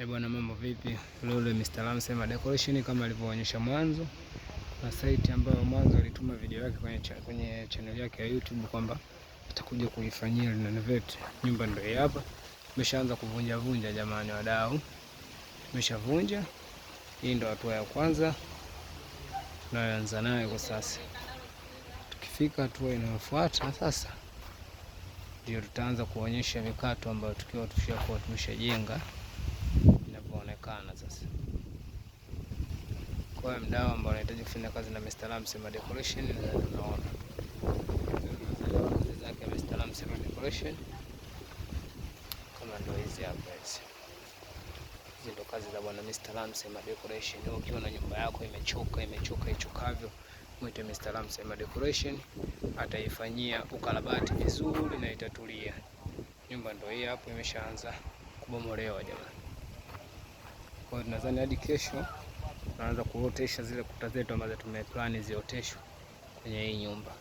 Eh, bwana mambo vipi? Leo Mr. Lam sema decoration kama alivyoonyesha mwanzo na site ambayo mwanzo alituma video yake kwenye cha, kwenye channel yake ya YouTube kwamba atakuja kuifanyia renovate. Nyumba ndio hapa. Tumeshaanza kuvunja vunja jamani wadau. Tumeshavunja. Hii ndio hatua ya kwanza Tunaanza nayo kwa sasa. Tukifika hatua inayofuata sasa ndio tutaanza kuonyesha mikato ambayo tukiwa tushakuwa tumeshajenga kutokana sasa. Kwa hiyo mdau ambao anahitaji kufanya kazi na Mr. Lam Sema Decoration, unaona kazi zake Mr. Decoration kama ndio hizi hapa hizi. Hizi kazi za bwana Mr. Decoration. na nyumba yako imechoka imechoka ichukavyo mwite Mr. Decoration, ataifanyia ukarabati vizuri na itatulia. Nyumba hii hapo imeshaanza kubomolewa jamani. Kwa hiyo nadhani hadi kesho tunaanza kuotesha zile kuta zetu ambazo tumeplani zioteshwe kwenye hii nyumba.